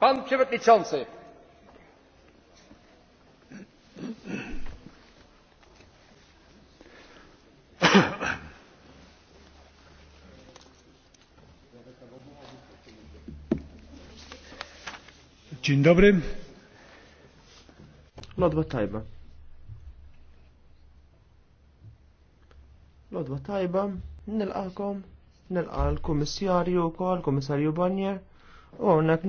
Pan Przewodniczący. Dzień dobry. Lodwa tajba. Lodwa tajba, nil-għalkom, nil l-komissarju kol, komissarju Barnier, u għonek